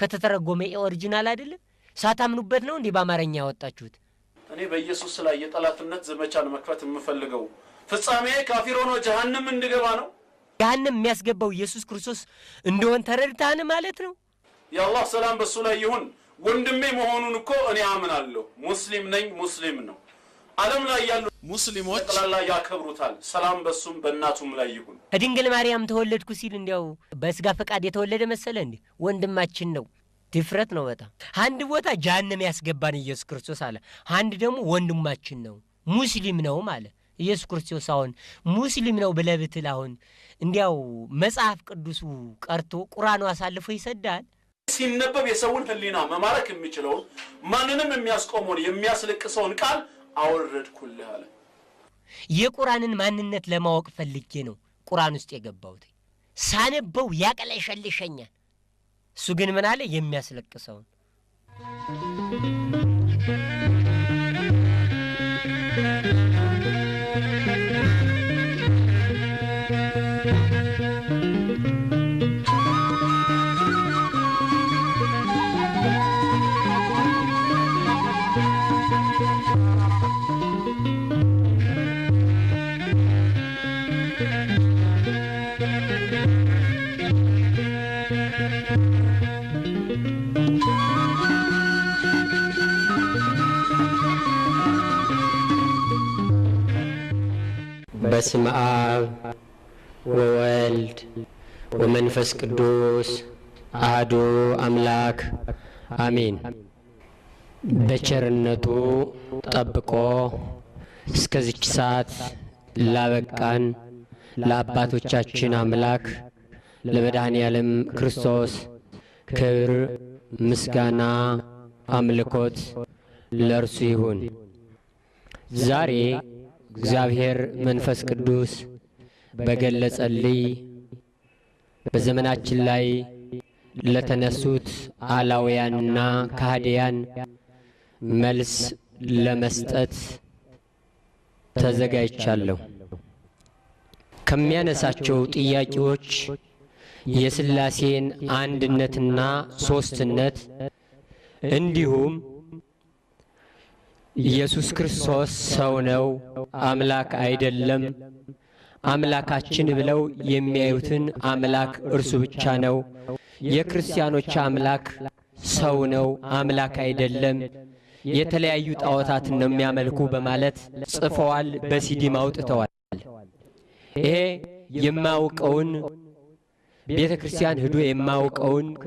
ከተተረጎመ ኦሪጂናል አይደለም። ሳታምኑበት ነው እንዲህ በአማርኛ ያወጣችሁት። እኔ በኢየሱስ ላይ የጠላትነት ዘመቻን መክፈት የምፈልገው ፍጻሜ ካፊር ሆኖ ጀሃንም እንድገባ ነው። ጀሃንም የሚያስገባው ኢየሱስ ክርስቶስ እንደሆን ተረድታን ማለት ነው። የአላህ ሰላም በእሱ ላይ ይሁን። ወንድሜ መሆኑን እኮ እኔ አምናለሁ። ሙስሊም ነኝ፣ ሙስሊም ነው። ዓለም ላይ ያሉ ሙስሊሞች ጠቅላላ ያከብሩታል። ሰላም በሱም በእናቱም ላይ ይሁን። ከድንግል ማርያም ተወለድኩ ሲል እንዲያው በስጋ ፈቃድ የተወለደ መሰለ እንዴ? ወንድማችን ነው። ድፍረት ነው በጣም አንድ ቦታ ጃንም ያስገባን ኢየሱስ ክርስቶስ አለ። አንድ ደግሞ ወንድማችን ነው ሙስሊም ነው አለ ኢየሱስ ክርስቶስ። አሁን ሙስሊም ነው ብለህ ብትል አሁን እንዲያው መጽሐፍ ቅዱሱ ቀርቶ ቁራኑ አሳልፎ ይሰዳል። ሲነበብ የሰውን ህሊና መማረክ የሚችለውን ማንንም የሚያስቆመውን የሚያስለቅሰውን ቃል አወረድኩልህ አለ። የቁራንን ማንነት ለማወቅ ፈልጌ ነው ቁራን ውስጥ የገባሁት። ሳነበው ያቅለሸልሸኛል። እሱ ግን ምን አለ? የሚያስለቅሰውን Thank you. በስመ አብ ወወልድ ወመንፈስ ቅዱስ አህዱ አምላክ አሜን። በቸርነቱ ጠብቆ እስከዚች ሰዓት ላበቃን ለአባቶቻችን አምላክ ለመድኃኔ ዓለም ክርስቶስ ክብር፣ ምስጋና፣ አምልኮት ለእርሱ ይሁን። ዛሬ እግዚአብሔር መንፈስ ቅዱስ በገለጸልኝ በዘመናችን ላይ ለተነሱት አላውያንና ካህዲያን መልስ ለመስጠት ተዘጋጅቻለሁ። ከሚያነሳቸው ጥያቄዎች የሥላሴን አንድነትና ሦስትነት እንዲሁም ኢየሱስ ክርስቶስ ሰው ነው፣ አምላክ አይደለም። አምላካችን ብለው የሚያዩትን አምላክ እርሱ ብቻ ነው። የክርስቲያኖች አምላክ ሰው ነው፣ አምላክ አይደለም። የተለያዩ ጣዖታትን ነው የሚያመልኩ በማለት ጽፈዋል፣ በሲዲም አውጥተዋል። ይሄ የማውቀውን ቤተ ክርስቲያን ሂዶ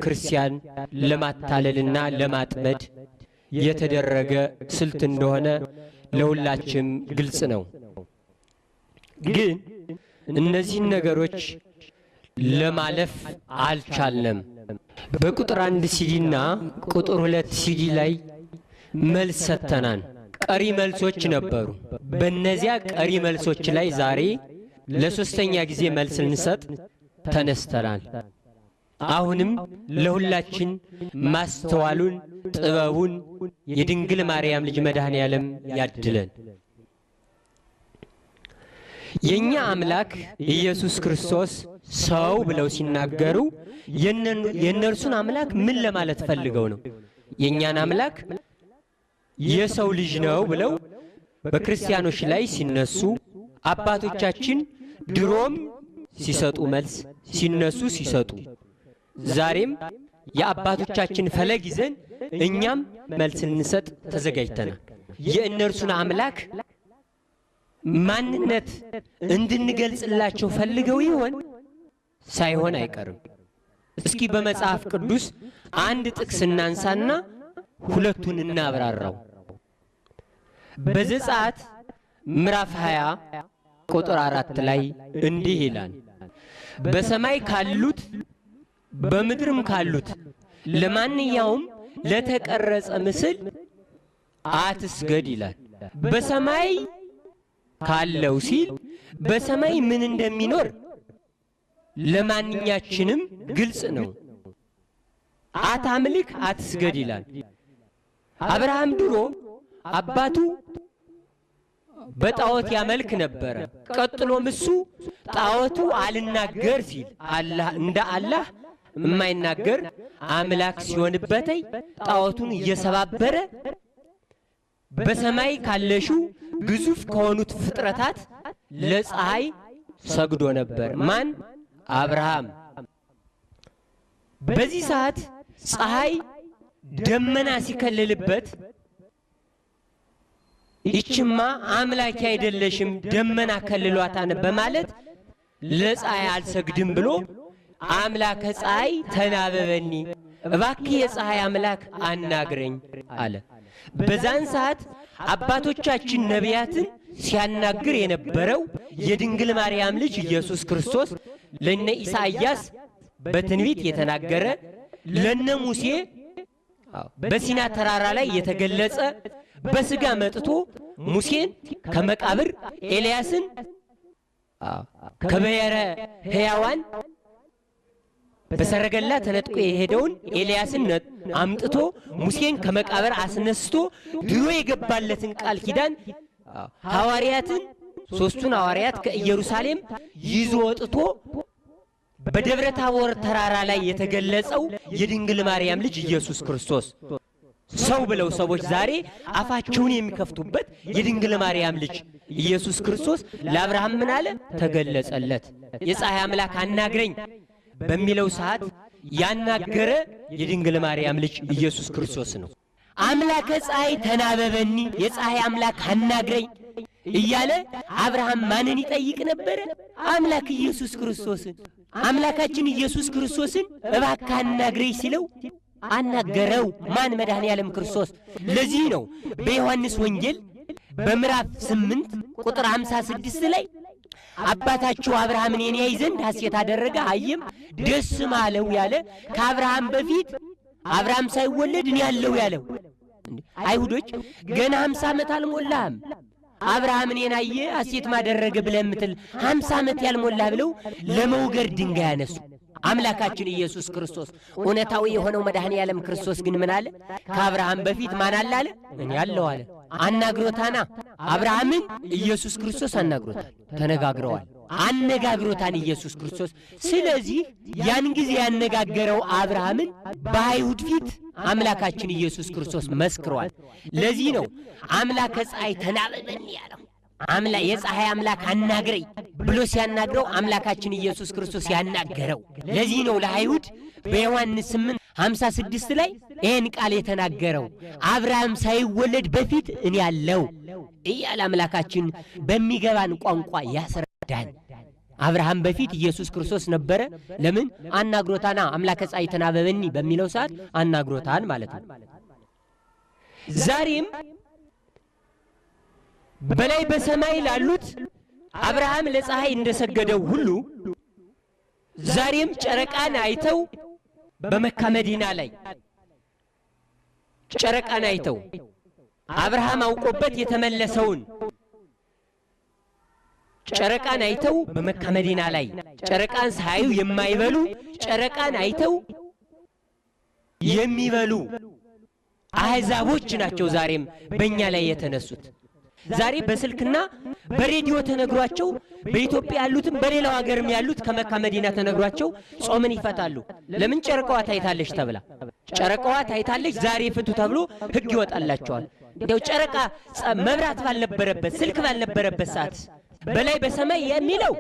ክርስቲያን ለማታለልና ለማጥመድ የተደረገ ስልት እንደሆነ ለሁላችም ግልጽ ነው። ግን እነዚህን ነገሮች ለማለፍ አልቻለም በቁጥር አንድ ሲዲና ቁጥር ሁለት ሲዲ ላይ መልስ ሰጥተናል። ቀሪ መልሶች ነበሩ። በእነዚያ ቀሪ መልሶች ላይ ዛሬ ለሶስተኛ ጊዜ መልስ ልንሰጥ ተነስተናል። አሁንም ለሁላችን ማስተዋሉን፣ ጥበቡን የድንግል ማርያም ልጅ መድኃኔ ዓለም ያድለን። የእኛ አምላክ ኢየሱስ ክርስቶስ ሰው ብለው ሲናገሩ የእነርሱን አምላክ ምን ለማለት ፈልገው ነው? የእኛን አምላክ የሰው ልጅ ነው ብለው በክርስቲያኖች ላይ ሲነሱ አባቶቻችን ድሮም ሲሰጡ መልስ ሲነሱ ሲሰጡ ዛሬም የአባቶቻችን ፈለግ ይዘን እኛም መልስ ልንሰጥ ተዘጋጅተናል። የእነርሱን አምላክ ማንነት እንድንገልጽላቸው ፈልገው ይሆን? ሳይሆን አይቀርም። እስኪ በመጽሐፍ ቅዱስ አንድ ጥቅስ እናንሳና ሁለቱን እናብራራው። በዘጸአት ምዕራፍ 20 ቁጥር አራት ላይ እንዲህ ይላል፣ በሰማይ ካሉት በምድርም ካሉት ለማንኛውም ለተቀረጸ ምስል አትስገድ ይላል። በሰማይ ካለው ሲል በሰማይ ምን እንደሚኖር ለማንኛችንም ግልጽ ነው። አታምልክ፣ አትስገድ ይላል። አብርሃም ድሮ አባቱ በጣዖት ያመልክ ነበረ። ቀጥሎም እሱ ጣዖቱ አልናገር ሲል እንደ አላህ የማይናገር አምላክ ሲሆንበተይ ጣዖቱን እየሰባበረ በሰማይ ካለሽው ግዙፍ ከሆኑት ፍጥረታት ለፀሐይ ሰግዶ ነበር። ማን? አብርሃም። በዚህ ሰዓት ፀሐይ ደመና ሲከልልበት ይችማ አምላኪ አይደለሽም ደመና ከልሏታን በማለት ለፀሐይ አልሰግድም ብሎ አምላከ ፀሐይ ተናበበኒ እባክህ የፀሐይ አምላክ አናግረኝ አለ። በዛን ሰዓት አባቶቻችን ነቢያትን ሲያናግር የነበረው የድንግል ማርያም ልጅ ኢየሱስ ክርስቶስ ለነ ኢሳይያስ በትንቢት የተናገረ ለነ ሙሴ በሲና ተራራ ላይ የተገለጸ በስጋ መጥቶ ሙሴን ከመቃብር ኤልያስን ከበየረ ሕያዋን በሰረገላ ተነጥቆ የሄደውን ኤልያስን አምጥቶ ሙሴን ከመቃብር አስነስቶ ድሮ የገባለትን ቃል ኪዳን ሐዋርያትን ሶስቱን ሐዋርያት ከኢየሩሳሌም ይዞ ወጥቶ በደብረ ታቦር ተራራ ላይ የተገለጸው የድንግል ማርያም ልጅ ኢየሱስ ክርስቶስ ሰው ብለው ሰዎች ዛሬ አፋቸውን የሚከፍቱበት የድንግል ማርያም ልጅ ኢየሱስ ክርስቶስ ለአብርሃም ምን አለ? ተገለጸለት። የፀሐይ አምላክ አናግረኝ በሚለው ሰዓት ያናገረ የድንግል ማርያም ልጅ ኢየሱስ ክርስቶስ ነው። አምላከ ፀሐይ ተናበበኒ የፀሐይ አምላክ አናግረኝ እያለ አብርሃም ማንን ይጠይቅ ነበረ? አምላክ ኢየሱስ ክርስቶስን። አምላካችን ኢየሱስ ክርስቶስን እባክህ አናግረኝ ሲለው አናገረው። ማን? መድኃኔ ዓለም ክርስቶስ። ለዚህ ነው በዮሐንስ ወንጌል በምዕራፍ ስምንት ቁጥር አምሳ ስድስት ላይ አባታችሁ አብርሃምን የኔ ያይ ዘንድ ሐሴት አደረገ አይም ደስም አለው ያለ ከአብርሃም በፊት አብርሃም ሳይወለድ እኔ ያለው ያለው አይሁዶች ገና ሀምሳ ዓመት አልሞላህም አብርሃምን የናየ አየ ሐሴት ማደረገ ብለህ የምትል ሀምሳ ዓመት ያልሞላህ ብለው ለመውገር ድንጋይ ያነሱ አምላካችን ኢየሱስ ክርስቶስ እውነታዊ የሆነው መድኃኔ ዓለም ክርስቶስ ግን ምን አለ? ከአብርሃም በፊት ማን አለ አለ? እኔ አለው አለ። አናግሮታና አብርሃምን ኢየሱስ ክርስቶስ አናግሮታል። ተነጋግረዋል። አነጋግሮታን ኢየሱስ ክርስቶስ። ስለዚህ ያን ጊዜ ያነጋገረው አብርሃምን በአይሁድ ፊት አምላካችን ኢየሱስ ክርስቶስ መስክሯል። ለዚህ ነው አምላከ ፀሐይ ተናበበን ያለው የፀሐይ አምላክ አናግረኝ ብሎ ሲያናግረው አምላካችን ኢየሱስ ክርስቶስ ያናገረው። ለዚህ ነው ለአይሁድ በዮሐንስ 8 56 ላይ ይህን ቃል የተናገረው አብርሃም ሳይወለድ በፊት እኔ ያለው እያለ አምላካችን በሚገባን ቋንቋ ያስረዳን። አብርሃም በፊት ኢየሱስ ክርስቶስ ነበረ። ለምን አናግሮታና አምላከ ጻይ ተናበበኒ በሚለው ሰዓት አናግሮታን ማለት ነው። ዛሬም በላይ በሰማይ ላሉት አብርሃም ለፀሐይ እንደሰገደው ሁሉ ዛሬም ጨረቃን አይተው በመካ መዲና ላይ ጨረቃን አይተው አብርሃም አውቆበት የተመለሰውን ጨረቃን አይተው በመካ መዲና ላይ ጨረቃን ሳያዩ የማይበሉ ጨረቃን አይተው የሚበሉ አሕዛቦች ናቸው ዛሬም በእኛ ላይ የተነሱት። ዛሬ በስልክና በሬዲዮ ተነግሯቸው በኢትዮጵያ ያሉትም በሌላው ሀገርም ያሉት ከመካ መዲና ተነግሯቸው ጾምን ይፈታሉ። ለምን ጨረቃዋ ታይታለች ተብላ ጨረቃዋ ታይታለች ዛሬ ፍቱ ተብሎ ህግ ይወጣላቸዋል። እንዲያው ጨረቃ መብራት ባልነበረበት ስልክ ባልነበረበት ሰዓት በላይ በሰማይ የሚለው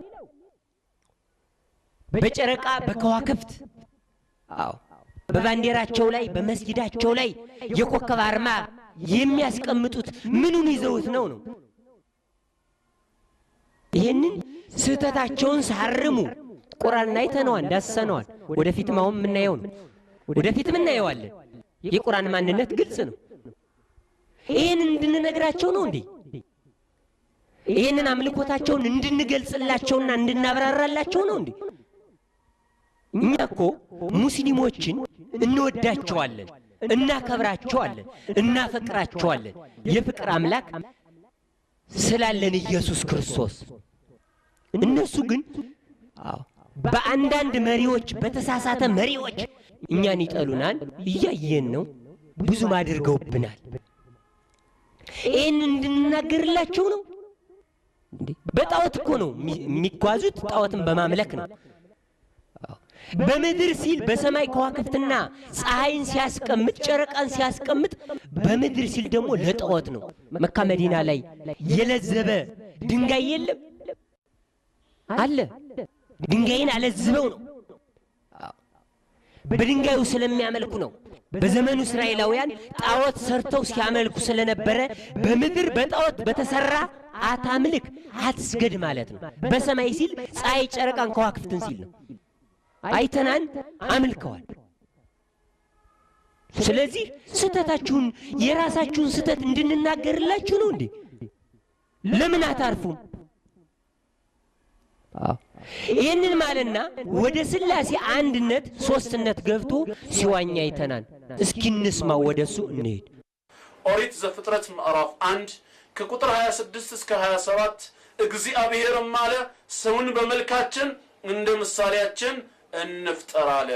በጨረቃ በከዋክብት አዎ በባንዲራቸው ላይ በመስጊዳቸው ላይ የኮከብ አርማ የሚያስቀምጡት ምኑን ይዘውት ነው ነው ይህንን ስህተታቸውን ሳርሙ ቁራን አይተነዋል፣ ዳሰነዋል። ወደፊትም አሁን የምናየው ነው፣ ወደፊትም እናየዋለን። የቁራን ማንነት ግልጽ ነው። ይህን እንድንነግራቸው ነው እንዴ? ይህንን አምልኮታቸውን እንድንገልጽላቸውና እንድናብራራላቸው ነው እንዴ? እኛ እኮ ሙስሊሞችን እንወዳቸዋለን። እናከብራቸዋለን፣ እናፈቅራቸዋለን። የፍቅር አምላክ ስላለን ኢየሱስ ክርስቶስ እነሱ ግን በአንዳንድ መሪዎች፣ በተሳሳተ መሪዎች እኛን ይጠሉናል። እያየን ነው። ብዙም አድርገውብናል። ይህን እንድንናገርላቸው ነው። በጣዖት እኮ ነው የሚጓዙት። ጣዖትን በማምለክ ነው። በምድር ሲል በሰማይ ከዋክብትና ፀሐይን ሲያስቀምጥ ጨረቃን ሲያስቀምጥ፣ በምድር ሲል ደግሞ ለጣዖት ነው። መካ መዲና ላይ የለዘበ ድንጋይ የለም አለ። ድንጋይን አለዝበው ነው። በድንጋዩ ስለሚያመልኩ ነው። በዘመኑ እስራኤላውያን ጣዖት ሰርተው ሲያመልኩ ስለነበረ በምድር በጣዖት በተሰራ አታምልክ፣ አትስገድ ማለት ነው። በሰማይ ሲል ፀሐይ ጨረቃን ከዋክብትን ሲል ነው። አይተናን አምልከዋል። ስለዚህ ስህተታችሁን የራሳችሁን ስህተት እንድንናገርላችሁ ነው እንዴ? ለምን አታርፉም? ይህንን ማለና ወደ ስላሴ አንድነት ሶስትነት ገብቶ ሲዋኝ አይተናል። እስኪ እንስማ፣ ወደ እሱ እንሄድ። ኦሪት ዘፍጥረት ምዕራፍ አንድ ከቁጥር 26 እስከ 27 እግዚአብሔርም አለ ሰውን በመልካችን እንደ ምሳሌያችን እንፍጠር አለ።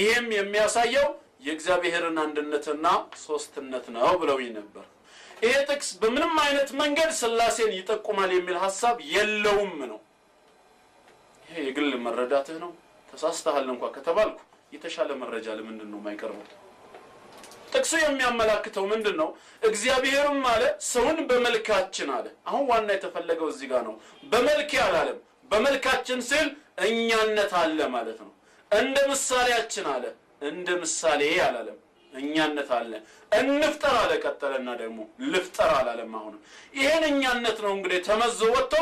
ይሄም የሚያሳየው የእግዚአብሔርን አንድነትና ሶስትነት ነው ብለው ነበር። ይሄ ጥቅስ በምንም አይነት መንገድ ስላሴን ይጠቁማል የሚል ሀሳብ የለውም ነው። ይሄ የግል መረዳትህ ነው። ተሳስተሃል እንኳ ከተባልኩ የተሻለ መረጃ ለምንድን ነው የማይቀርበው? ጥቅሱ የሚያመላክተው ምንድን ነው? እግዚአብሔርም አለ ሰውን በመልካችን አለ። አሁን ዋና የተፈለገው እዚህ ጋር ነው። በመልክ አላለም። በመልካችን ስል እኛነት አለ ማለት ነው። እንደ ምሳሌያችን አለ። እንደ ምሳሌ አላለም። እኛነት አለ። እንፍጠር አለ። ቀጠለና ደግሞ ልፍጠር አላለም። አሁንም ይሄን እኛነት ነው እንግዲህ ተመዞ ወጥቶ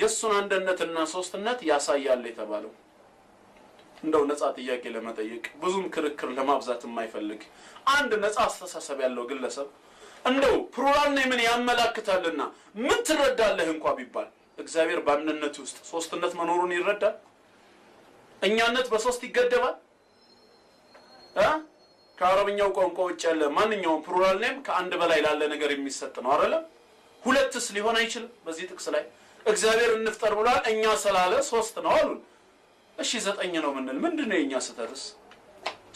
የእሱን አንድነትና ሶስትነት ያሳያል የተባለው። እንደው ነፃ ጥያቄ ለመጠየቅ ብዙም ክርክር ለማብዛት የማይፈልግ አንድ ነፃ አስተሳሰብ ያለው ግለሰብ እንደው ፕሉራል ነው ምን ያመላክታልና ምን ትረዳለህ እንኳ ቢባል እግዚአብሔር በአንድነት ውስጥ ሶስትነት መኖሩን ይረዳል። እኛነት በሶስት ይገደባል። ከአረብኛው ቋንቋ ውጭ ያለ ማንኛውም ፕሉራል ኔም ከአንድ በላይ ላለ ነገር የሚሰጥ ነው አይደለም። ሁለትስ ሊሆን አይችልም። በዚህ ጥቅስ ላይ እግዚአብሔር እንፍጠር ብሏል፣ እኛ ስላለ ሶስት ነው አሉን። እሺ ዘጠኝ ነው ምንል ምንድን ነው የእኛ ስህተትስ?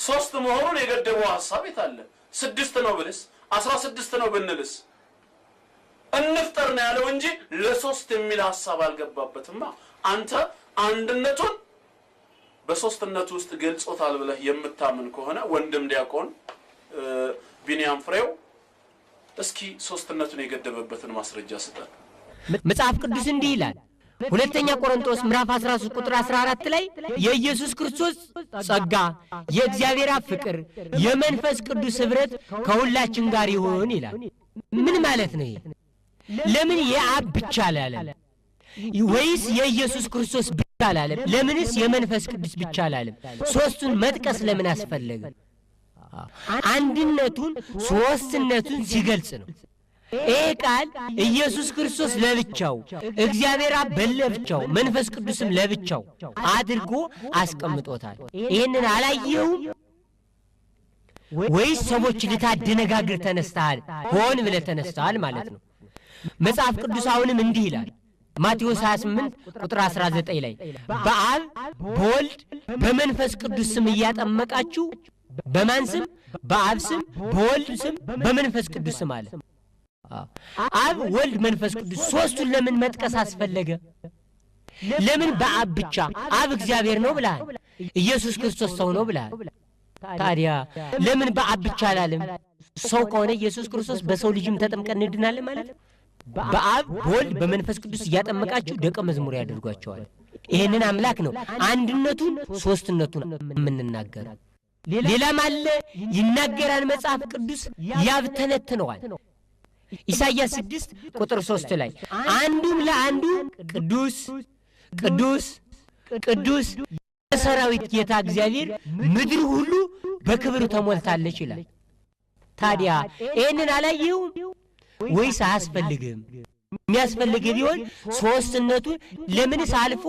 ሶስት መሆኑን የገደበው ሀሳብ የት አለ? ስድስት ነው ብልስ አስራ ስድስት ነው ብንልስ? እንፍጠር ነው ያለው እንጂ ለሶስት የሚል ሀሳብ አልገባበትማ። አንተ አንድነቱን በሶስትነቱ ውስጥ ገልጾታል ብለህ የምታምን ከሆነ ወንድም ዲያቆን ቢንያም ፍሬው እስኪ ሶስትነቱን የገደበበትን ማስረጃ ስጠን። መጽሐፍ ቅዱስ እንዲህ ይላል ሁለተኛ ቆሮንቶስ ምዕራፍ 13 ቁጥር 14 ላይ የኢየሱስ ክርስቶስ ጸጋ፣ የእግዚአብሔር አብ ፍቅር፣ የመንፈስ ቅዱስ ኅብረት ከሁላችን ጋር ይሁን ይላል። ምን ማለት ነው ይሄ? ለምን የአብ ብቻ አላለም? ወይስ የኢየሱስ ክርስቶስ አላለም? ለምንስ የመንፈስ ቅዱስ ብቻ አላለም? ሶስቱን መጥቀስ ለምን አስፈለገ? አንድነቱን ሶስትነቱን ሲገልጽ ነው። ይህ ቃል ኢየሱስ ክርስቶስ ለብቻው እግዚአብሔር አብ በለብቻው መንፈስ ቅዱስም ለብቻው አድርጎ አስቀምጦታል። ይህንን አላየውም ወይስ ሰዎች ልታደነጋግር ተነስተሃል? ሆን ብለህ ተነስተሃል ማለት ነው። መጽሐፍ ቅዱስ አሁንም እንዲህ ይላል ማቴዎስ 28 ቁጥር 19 ላይ በአብ በወልድ በመንፈስ ቅዱስ ስም እያጠመቃችሁ በማን ስም? በአብ ስም፣ በወልድ ስም፣ በመንፈስ ቅዱስ ስም አለ። አብ፣ ወልድ፣ መንፈስ ቅዱስ ሶስቱን ለምን መጥቀስ አስፈለገ? ለምን በአብ ብቻ? አብ እግዚአብሔር ነው ብለሃል። ኢየሱስ ክርስቶስ ሰው ነው ብለሃል። ታዲያ ለምን በአብ ብቻ አላለም? ሰው ከሆነ ኢየሱስ ክርስቶስ በሰው ልጅም ተጠምቀን እንድናለን ማለት ነው። በአብ በወልድ በመንፈስ ቅዱስ እያጠመቃችሁ ደቀ መዝሙር ያደርጓቸዋል። ይህንን አምላክ ነው አንድነቱን ሶስትነቱን የምንናገር። ሌላም አለ ይናገራል መጽሐፍ ቅዱስ ያብ ተነትነዋል። ኢሳይያስ ስድስት ቁጥር ሶስት ላይ አንዱም ለአንዱ ቅዱስ ቅዱስ ቅዱስ የሰራዊት ጌታ እግዚአብሔር ምድር ሁሉ በክብር ተሞልታለች ይላል። ታዲያ ይህንን አላየሁም ወይስ አያስፈልግም? የሚያስፈልግ ቢሆን ሶስትነቱ ለምንስ አልፎ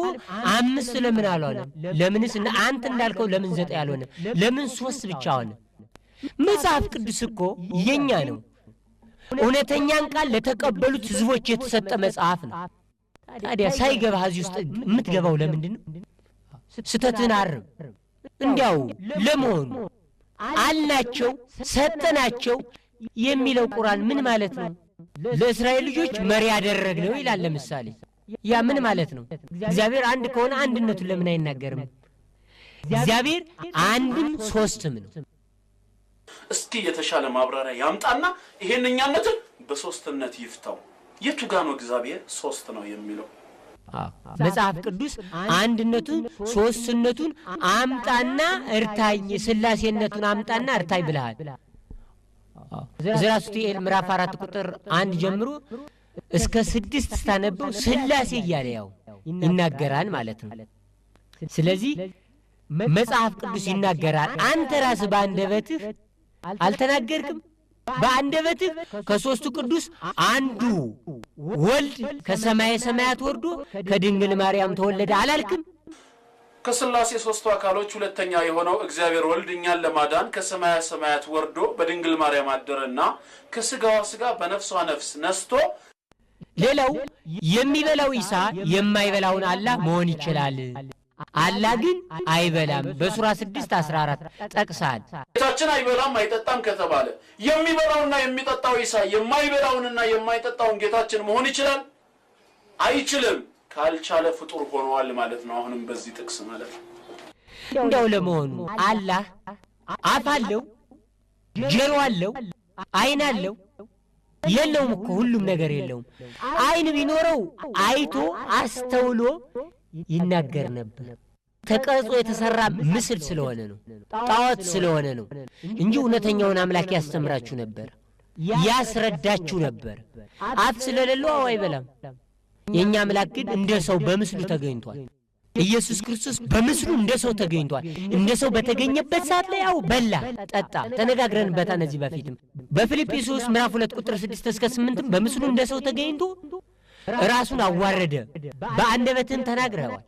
አምስት ለምን አልሆነ? ለምንስ አንተ እንዳልከው ለምን ዘጠኝ አልሆነ? ለምን ሶስት ብቻ ሆነ? መጽሐፍ ቅዱስ እኮ የኛ ነው። እውነተኛን ቃል ለተቀበሉት ሕዝቦች የተሰጠ መጽሐፍ ነው። ታዲያ ሳይገባህ እዚህ ውስጥ የምትገባው ለምንድን ነው? ስህተትን አርም። እንዲያው ለመሆኑ አልናቸው፣ ሰጠናቸው የሚለው ቁርአን ምን ማለት ነው? ለእስራኤል ልጆች መሪ ነው ይላል። ለምሳሌ ያ ምን ማለት ነው? እግዚአብሔር አንድ ከሆነ አንድነቱን ለምን አይናገርም? እግዚአብሔር አንድም ሶስትም ነው። እስኪ የተሻለ ማብራሪያ ያምጣና ይሄን እኛነትን በሶስትነት ይፍታው። የቱ ጋ ነው እግዚአብሔር ሶስት ነው የሚለው? መጽሐፍ ቅዱስ አንድነቱን ሶስትነቱን አምጣና እርታኝ፣ ስላሴነቱን አምጣና እርታኝ ብልሃል። ዘራ ሱቱኤል ምዕራፍ አራት ቁጥር አንድ ጀምሮ እስከ ስድስት ስታነበው ስላሴ እያለ ያው ይናገራል ማለት ነው። ስለዚህ መጽሐፍ ቅዱስ ይናገራል። አንተ ራስህ በአንደበትህ አልተናገርክም? በአንደበትህ ከሦስቱ ቅዱስ አንዱ ወልድ ከሰማይ ሰማያት ወርዶ ከድንግል ማርያም ተወለደ አላልክም? ከስላሴ ሶስቱ አካሎች ሁለተኛ የሆነው እግዚአብሔር ወልድ እኛን ለማዳን ከሰማያ ሰማያት ወርዶ በድንግል ማርያም አደረና ከስጋዋ ስጋ በነፍሷ ነፍስ ነስቶ ሌላው የሚበላው ኢሳ የማይበላውን አላህ መሆን ይችላል። አላህ ግን አይበላም። በሱራ 6 14 ጠቅሳል። ጌታችን አይበላም አይጠጣም ከተባለ የሚበላውና የሚጠጣው ኢሳ የማይበላውንና የማይጠጣውን ጌታችን መሆን ይችላል? አይችልም። ካልቻለ ፍጡር ሆነዋል ማለት ነው። አሁንም በዚህ ጥቅስ ማለት ነው። እንደው ለመሆኑ አላህ አፍ አለው? ጀሮ አለው? አይን አለው? የለውም እኮ ሁሉም ነገር የለውም። አይን ቢኖረው አይቶ አስተውሎ ይናገር ነበር። ተቀርጾ የተሰራ ምስል ስለሆነ ነው፣ ጣዖት ስለሆነ ነው እንጂ እውነተኛውን አምላክ ያስተምራችሁ ነበር፣ ያስረዳችሁ ነበር። አፍ ስለሌለው አዎ አይበላም። የእኛ አምላክ ግን እንደ ሰው በምስሉ ተገኝቷል። ኢየሱስ ክርስቶስ በምስሉ እንደ ሰው ተገኝቷል። እንደ ሰው በተገኘበት ሰዓት ላይ ያው በላ፣ ጠጣ፣ ተነጋግረንበታል እነዚህ በፊትም በፊልጵስዩስ ምዕራፍ ሁለት ቁጥር ስድስት እስከ ስምንትም በምስሉ እንደ ሰው ተገኝቶ ራሱን አዋረደ፣ በአንደበትም ተናግረዋል።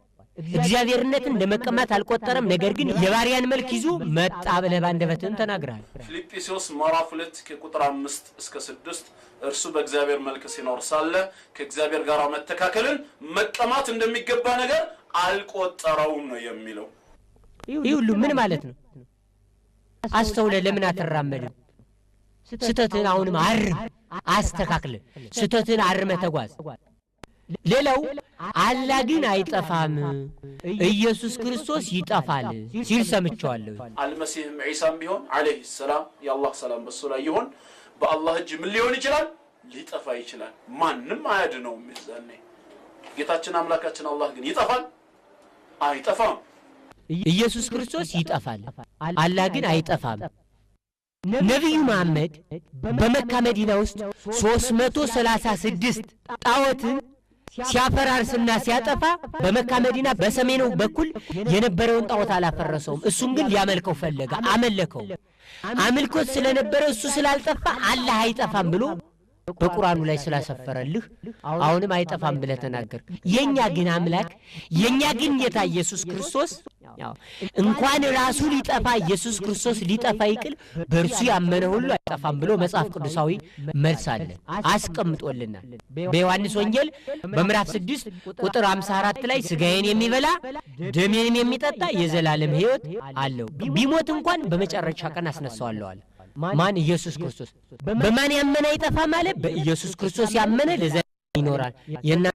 እግዚአብሔርነትን ለመቀማት አልቆጠረም። ነገር ግን የባሪያን መልክ ይዞ መጣ ብለህ በአንደበትህም ተናግረሃል። ፊልጵስዩስ ምዕራፍ ሁለት ከቁጥር አምስት እስከ ስድስት እርሱ በእግዚአብሔር መልክ ሲኖር ሳለ ከእግዚአብሔር ጋር መተካከልን መቀማት እንደሚገባ ነገር አልቆጠረውም ነው የሚለው። ይህ ሁሉ ምን ማለት ነው? አስተውለ ለምን አትራመድም? ስህተትን አሁንም አርም፣ አስተካክል። ስህተትን አርመ ተጓዝ። ሌላው አላ ግን አይጠፋም፣ ኢየሱስ ክርስቶስ ይጠፋል ሲል ሰምቸዋለሁ። አልመሲህም ዒሳም ቢሆን ዓለይህ ሰላም የአላህ ሰላም በሱ ላይ ይሆን በአላህ እጅ ምን ሊሆን ይችላል? ሊጠፋ ይችላል። ማንም አያድነውም። ይዛኔ ጌታችን አምላካችን አላህ ግን ይጠፋል አይጠፋም። ኢየሱስ ክርስቶስ ይጠፋል፣ አላ ግን አይጠፋም። ነቢዩ መሐመድ በመካ መዲና ውስጥ ስድስት ጣዖትን ሲያፈራርስና ሲያጠፋ በመካ መዲና በሰሜኑ በኩል የነበረውን ጣዖት አላፈረሰውም። እሱም ግን ሊያመልከው ፈለገ፣ አመለከው። አምልኮት ስለነበረ እሱ ስላልጠፋ አላህ አይጠፋም ብሎ በቁርአኑ ላይ ስላሰፈረልህ አሁንም አይጠፋም ብለህ ተናገር። የእኛ ግን አምላክ የእኛ ግን ጌታ ኢየሱስ ክርስቶስ እንኳን ራሱ ሊጠፋ ኢየሱስ ክርስቶስ ሊጠፋ ይቅል በእርሱ ያመነ ሁሉ አይጠፋም ብሎ መጽሐፍ ቅዱሳዊ መልስ አለ አስቀምጦልናል። በዮሐንስ ወንጌል በምዕራፍ ስድስት ቁጥር 54 ላይ ስጋዬን የሚበላ ደሜንም የሚጠጣ የዘላለም ሕይወት አለው፣ ቢሞት እንኳን በመጨረሻ ቀን አስነሳዋለዋል። ማን? ኢየሱስ ክርስቶስ። በማን ያመነ አይጠፋም አለ። በኢየሱስ ክርስቶስ ያመነ ለዘላለም ይኖራል። የና